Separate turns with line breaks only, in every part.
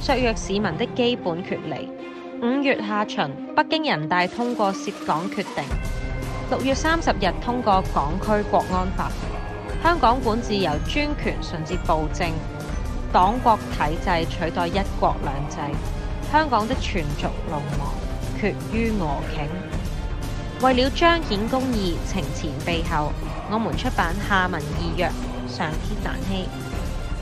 削弱市民的基本權利。五月下旬，北京人大通過涉港決定；六月三十日通過港區國安法。香港管治由專權甚至暴政，黨國體制取代一國兩制。香港的全族龍亡，決於俄頃。為了彰顯公義，懲前毖後，我們出版下文異約，上天難欺。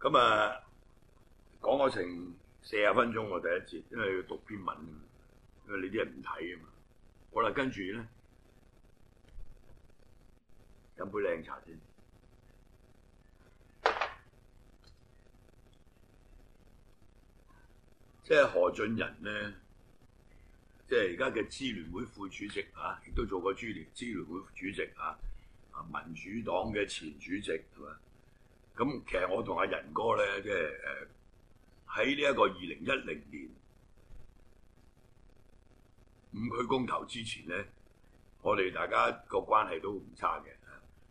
咁啊，講咗成四十分鐘我第一節，因為要讀篇文，因為你啲人唔睇啊嘛。好啦，跟住咧，飲杯靚茶先。即係何俊仁呢？即係而家嘅支聯會副主席嚇，亦、啊、都做過支聯支聯會主席嚇，啊民主黨嘅前主席係嘛。啊咁其實我同阿仁哥咧，即係誒喺呢一個二零一零年五區公投之前咧，我哋大家個關係都唔差嘅，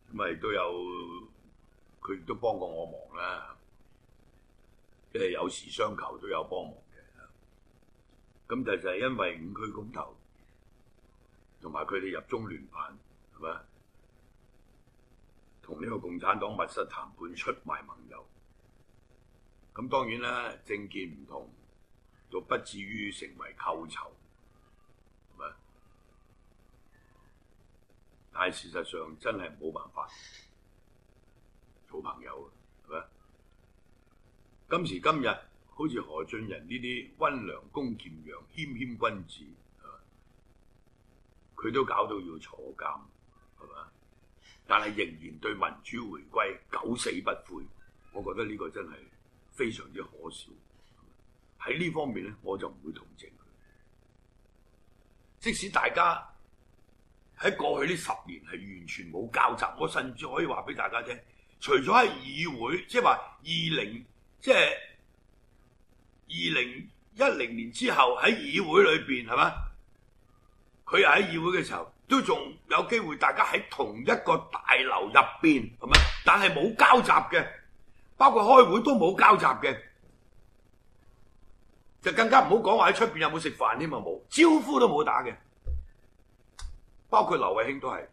咁咪都有佢都幫過我忙啦，即係有時相求都有幫忙嘅。咁就就係因為五區公投同埋佢哋入中聯辦，係咪？同呢個共產黨密室談判出賣盟友，咁當然啦，政見唔同，就不至於成為寇仇，係咪？但係事實上真係冇辦法做朋友，係咪？今時今日好似何俊仁呢啲温良恭儉讓謙謙君子，係咪？佢都搞到要坐監，係咪？但係仍然對民主回歸九死不悔，我覺得呢個真係非常之可笑。喺呢方面咧，我就唔會同情佢。即使大家喺過去呢十年係完全冇交集，我甚至可以話俾大家聽，除咗喺議會，即係話二零即係二零一零年之後喺議會裏邊係嘛，佢喺議會嘅時候。都仲有機會，大家喺同一個大樓入邊，係咪？但係冇交集嘅，包括開會都冇交集嘅，就更加唔好講話喺出邊有冇食飯添啊！冇招呼都冇打嘅，包括劉慧卿都係，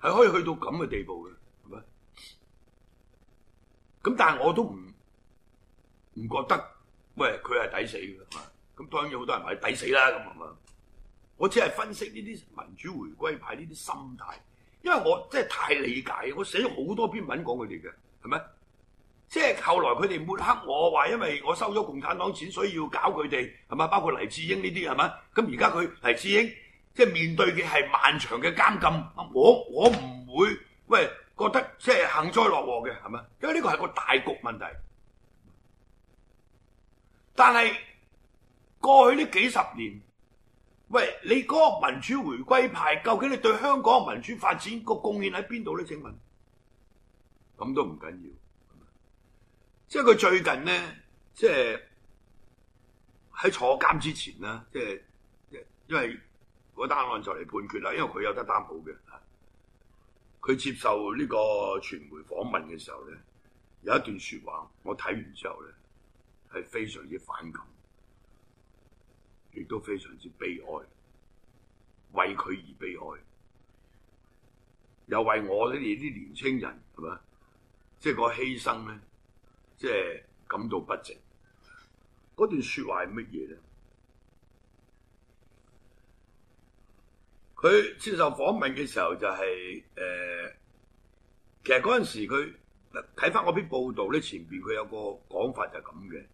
係可以去到咁嘅地步嘅，係咪？咁但係我都唔唔覺得，喂，佢係抵死嘅，咁當然有好多人話抵死啦，咁啊嘛。我只係分析呢啲民主回歸派呢啲心態，因為我真係太理解，我寫咗好多篇文講佢哋嘅，係咪？即係後來佢哋抹黑我話，因為我收咗共產黨錢，所以要搞佢哋，係咪？包括黎智英呢啲，係咪？咁而家佢黎智英即係面對嘅係漫長嘅監禁，我我唔會喂覺得即係幸災樂禍嘅，係咪？因為呢個係個大局問題，但係過去呢幾十年。喂，你嗰個民主回歸派究竟你對香港民主發展個貢獻喺邊度咧？請問咁都唔緊要，即係佢最近呢，即係喺坐監之前呢，即係因為嗰單案就嚟判決啦，因為佢有得擔保嘅，佢接受呢個傳媒訪問嘅時候咧，有一段說話，我睇完之後咧係非常之反感。亦都非常之悲哀，為佢而悲哀，又為我哋啲年青人，係嘛，即係個犧牲咧，即係感到不值。嗰段說話係乜嘢咧？佢接受訪問嘅時候就係、是、誒、呃，其實嗰陣時佢睇翻我篇報道咧，前邊佢有個講法就係咁嘅。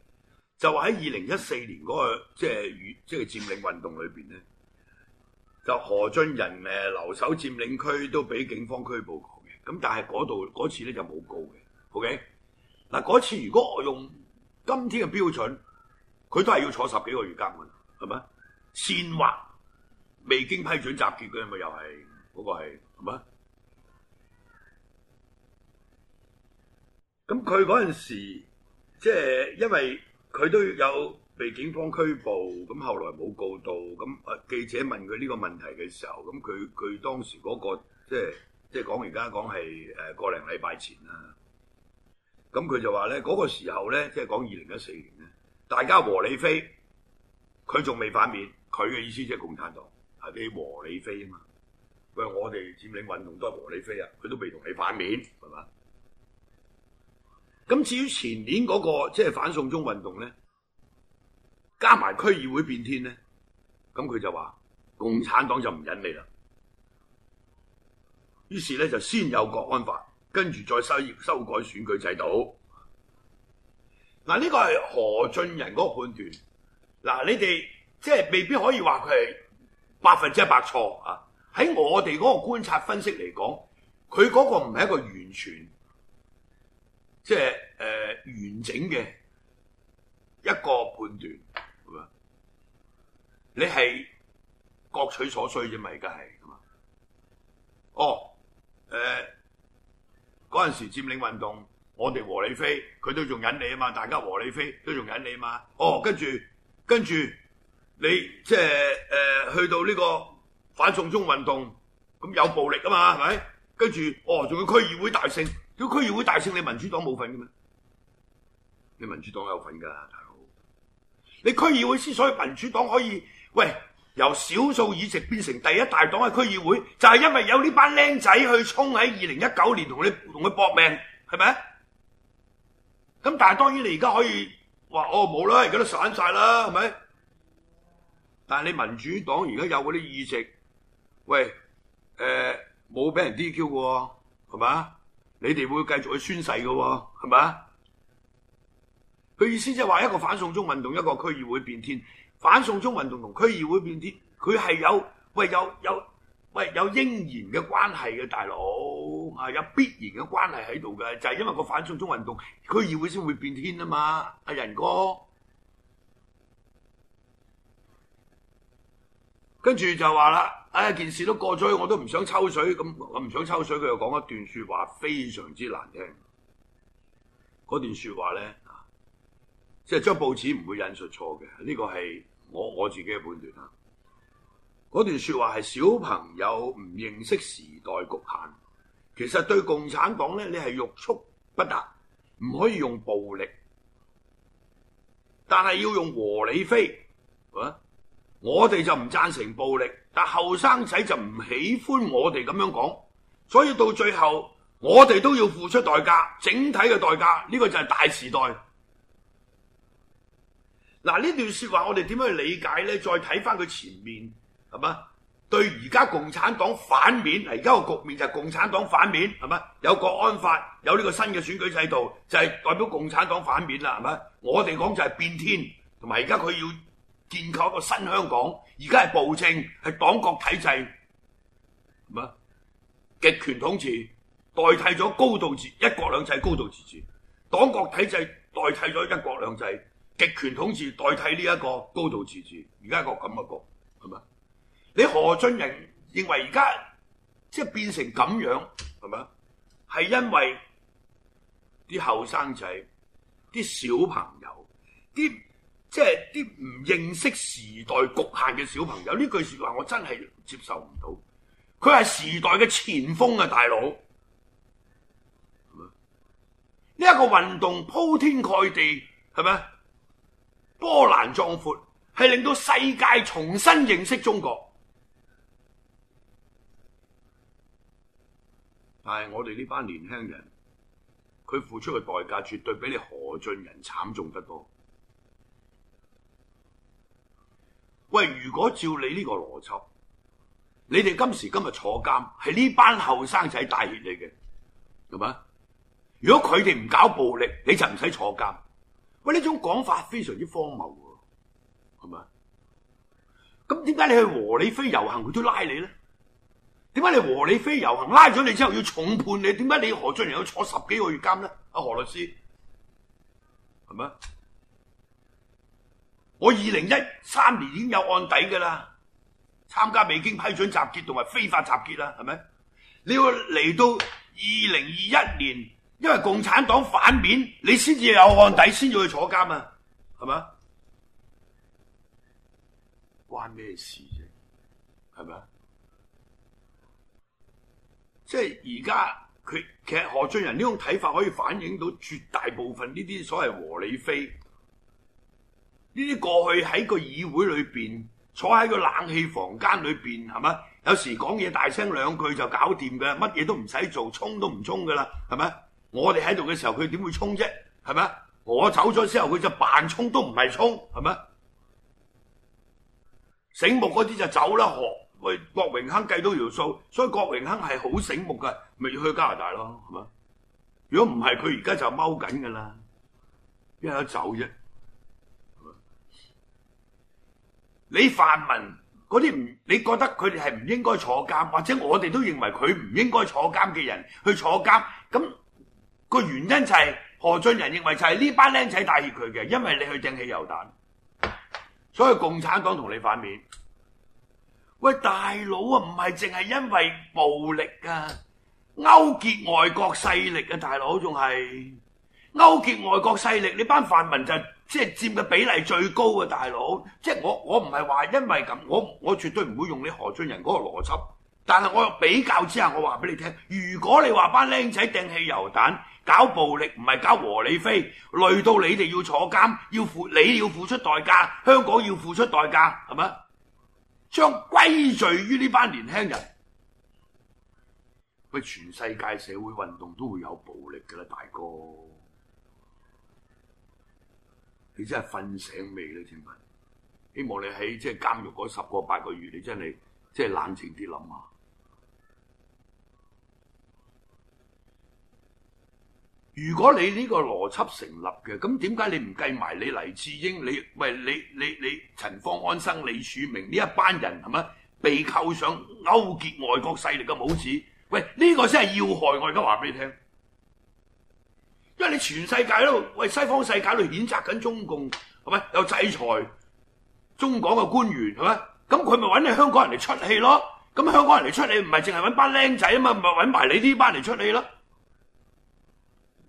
就話喺二零一四年嗰、那個即係與即係佔領運動裏邊咧，就何俊仁誒留守佔領區都俾警方拘捕過嘅，咁但係嗰度嗰次咧就冇告嘅。O K，嗱，嗰次如果我用今天嘅標準，佢都係要坐十幾個月監㗎，係咪？煽惑，未經批准集結嘅咪又係嗰、那個係係咪？咁佢嗰陣時即係、就是、因為。佢都有被警方拘捕，咁後來冇告到。咁啊記者問佢呢個問題嘅時候，咁佢佢當時嗰個即係即係講而家講係誒個零禮拜前啦。咁佢就話咧嗰個時候咧，即係講二零一四年咧，大家和理非，佢仲未反面。佢嘅意思即係共產黨係畀和理非啊嘛。喂，我哋佔領運動都係和理非啊，佢都未同你反面，係嘛？咁至於前年嗰個即係反送中運動咧，加埋區議會變天咧，咁佢就話共產黨就唔忍你啦，於是咧就先有國安法，跟住再修修改選舉制度。嗱，呢個係何俊仁嗰個判斷。嗱，你哋即係未必可以話佢係百分之一百錯啊！喺我哋嗰個觀察分析嚟講，佢嗰個唔係一個完全。即係誒、呃、完整嘅一個判斷，係咪？你係各取所需啫嘛，而家係，係嘛？哦，誒嗰陣時佔領運動，我哋和理非，佢都仲引你啊嘛，大家和理非都仲引你嘛。哦，跟住跟住你即係誒、呃、去到呢個反送中運動，咁有暴力啊嘛，係咪？跟住哦，仲要區議會大勝。啲區議會大勝你，民主黨冇份嘅咩？你民主黨有份噶，大佬。你區議會之所以民主黨可以喂，由少數議席變成第一大黨嘅區議會，就係因為有呢班僆仔去衝喺二零一九年同你同佢搏命，係咪？咁但係當然你而家可以話哦冇啦，而家都散晒啦，係咪？但係你民主黨而家有嗰啲議席，喂誒冇俾人 DQ 嘅喎，係咪啊？你哋會繼續去宣誓嘅喎，係咪啊？佢意思即係話一個反送中運動，一個區議會變天。反送中運動同區議會變天，佢係有喂有有喂有應然嘅關係嘅，大佬啊，有必然嘅關係喺度嘅，就係因為個反送中運動，區議會先會變天啊嘛，阿仁哥。跟住就話啦。哎，件事都過咗去，我都唔想抽水咁，我唔想抽水，佢又講一段説話非常之難聽。嗰段説話咧，即係張報紙唔會引述錯嘅，呢個係我我自己嘅判斷。嗰段説話係小朋友唔認識時代局限，其實對共產黨咧，你係欲速不達，唔可以用暴力，但係要用和理非，啊！我哋就唔贊成暴力，但後生仔就唔喜歡我哋咁樣講，所以到最後我哋都要付出代價，整體嘅代價呢個就係大時代。嗱，呢段説話我哋點樣去理解呢？再睇翻佢前面係嘛？對而家共產黨反面，而家個局面就係共產黨反面，係嘛？有國安法，有呢個新嘅選舉制度，就係代表共產黨反面啦，係嘛？我哋講就係變天，同埋而家佢要。建構一個新香港，而家係暴政，係黨國體制，係嘛？極權統治代替咗高度自一國兩制，高度自治，黨國體制代替咗一國兩制，極權統治代替呢一個高度自治，而家一個咁嘅局，係嘛？你何俊仁認為而家即係變成咁樣，係嘛？係因為啲後生仔、啲小朋友、啲。即係啲唔認識時代局限嘅小朋友，呢句説話我真係接受唔到。佢係時代嘅前鋒啊，大佬！呢一個運動鋪天蓋地，係咪波瀾壯闊，係令到世界重新認識中國。但係我哋呢班年輕人，佢付出嘅代價絕對比你何俊仁慘重得多。喂，如果照你呢個邏輯，你哋今時今日坐監，係呢班後生仔帶血嚟嘅，係咪吧？如果佢哋唔搞暴力，你就唔使坐監。喂，呢種講法非常之荒謬，係咪？咁點解你去和理非遊行，佢都拉你咧？點解你和理非遊行拉咗你之後要重判你？點解你何俊仁要坐十幾個月監咧？阿何律師，係咪？我二零一三年已經有案底噶啦，參加未經批准集結同埋非法集結啦，係咪？你要嚟到二零二一年，因為共產黨反面，你先至有案底，先至去坐監啊，係咪啊？關咩事啫？係咪啊？即係而家佢其實何俊仁呢種睇法，可以反映到絕大部分呢啲所謂和理非。呢啲過去喺個議會裏邊，坐喺個冷氣房間裏邊，係咪？有時講嘢大聲兩句就搞掂㗎，乜嘢都唔使做，衝都唔衝㗎啦，係咪？我哋喺度嘅時候，佢點會衝啫？係咪？我走咗之後，佢就扮衝都唔係衝，係咪？醒目嗰啲就走啦，學喂郭榮鏗計到條數，所以郭榮鏗係好醒目㗎，咪要去加拿大咯，係咪？如果唔係，佢而家就踎緊㗎啦，邊有得走啫？你泛民嗰啲唔，你覺得佢哋係唔應該坐監，或者我哋都認為佢唔應該坐監嘅人去坐監，咁個原因就係何俊仁認為就係呢班僆仔帶挈佢嘅，因為你去掟汽油彈，所以共產黨同你反面。喂，大佬啊，唔係淨係因為暴力啊，勾結外國勢力啊，大佬仲係勾結外國勢力，你班泛民就。即係佔嘅比例最高嘅大佬，即係我我唔係話因為咁，我我絕對唔會用你何俊仁嗰個邏輯，但係我比較之下，我話俾你聽，如果你話班僆仔掟汽油彈、搞暴力，唔係搞和理非，累到你哋要坐監，要付你要付出代價，香港要付出代價，係咪啊？將歸罪於呢班年輕人，喂！全世界社會運動都會有暴力㗎啦，大哥。你真係瞓醒未咧？請問，希望你喺即係監獄嗰十個八個月，你真係即係冷靜啲諗下。如果你呢個邏輯成立嘅，咁點解你唔計埋你黎智英、你喂你你你，你陳方安生、李柱銘呢一班人係咪被扣上勾結外國勢力嘅帽子？喂，呢、呢個先係要害，我而家話俾你聽。因為你全世界喺度，西方世界喺度譴責緊中共，係咪有制裁中港嘅官員，係咪？咁佢咪揾你香港人嚟出氣咯？咁香港人嚟出氣，唔係淨係揾班僆仔啊嘛，咪揾埋你呢班嚟出氣咯？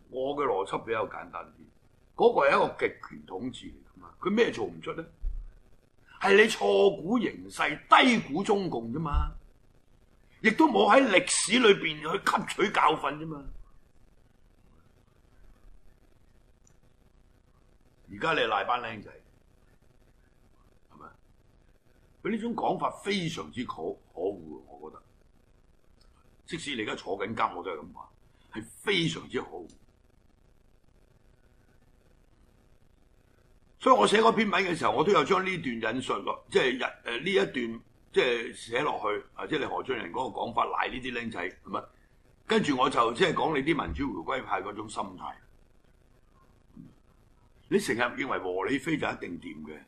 我嘅邏輯比較簡單啲，嗰個係一個極權統治嚟噶嘛，佢咩做唔出咧？係你錯估形勢、低估中共啫嘛，亦都冇喺歷史裏邊去吸取教訓啫嘛。而家你賴班僆仔，係咪？佢呢種講法非常之可可惡，我覺得。即使你而家坐緊監，我都係咁話，係非常之可惡。所以我寫嗰篇文嘅時候，我都有將呢段引述，即係日誒呢一段，即係寫落去，即係你何俊仁嗰個講法，賴呢啲僆仔，係咪？跟住我就即係講你啲民主回歸派嗰種心態。你成日認為和理非就一定掂嘅，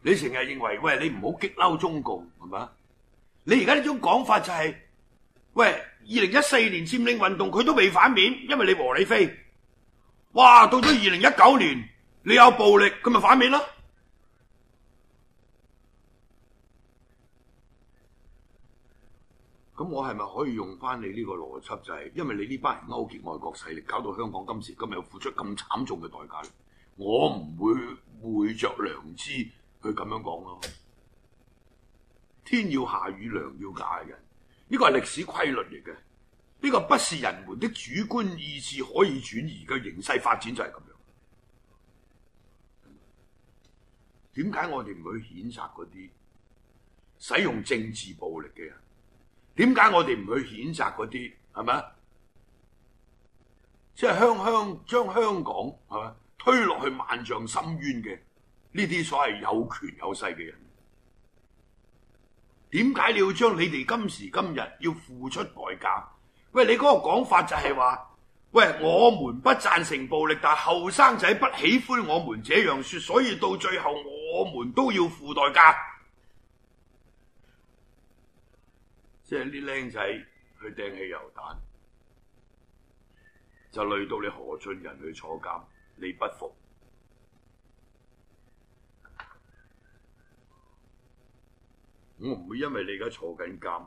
你成日認為喂，你唔好激嬲中共係嘛？你而家呢種講法就係喂，二零一四年佔領運動佢都未反面，因為你和理非，哇！到咗二零一九年你有暴力，佢咪反面咯？咁我係咪可以用翻你呢個邏輯？就係因為你呢班人勾結外國勢力，搞到香港今時今日付出咁慘重嘅代價。我唔會昧着良知去咁樣講咯。天要下雨，娘要嫁人，呢個係歷史規律嚟嘅。呢個不是人們的主觀意志可以轉移嘅，形勢發展就係咁樣。點解我哋唔去譴責嗰啲使用政治暴力嘅人？點解我哋唔去譴責嗰啲？係咪？即係香香將香港係咪？推落去萬丈深淵嘅呢啲所謂有權有勢嘅人，點解你要將你哋今時今日要付出代價？喂，你嗰個講法就係話，喂，我們不贊成暴力，但後生仔不喜歡我們這樣説，所以到最後我們都要付代價。即係啲靚仔去掟汽油彈，就累到你何俊仁去坐監。你不服，我唔會因為你而家坐緊監，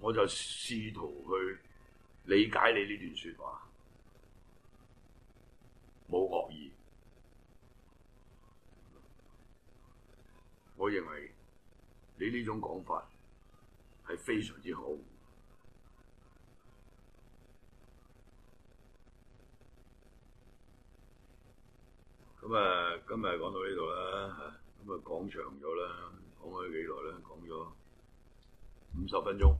我就試圖去理解你呢段說話，冇惡意。我認為你呢種講法係非常之好。咁啊，今日講到呢度啦，咁啊講長咗啦，講開幾耐咧，講咗五十分鐘，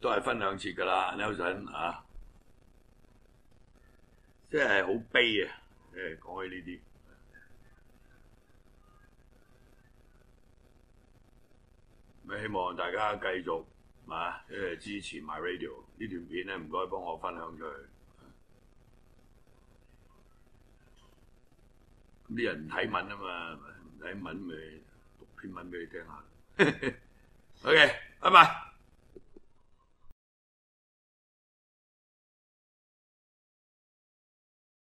都係分兩次㗎啦，Nelson 啊，即係好悲啊，誒講起呢啲，咁希望大家繼續啊，誒支持 My Radio 呢段片咧，唔該幫我分享佢。啲人唔睇文啊嘛，唔睇文咪讀篇文
俾你聽下。 OK，拜拜。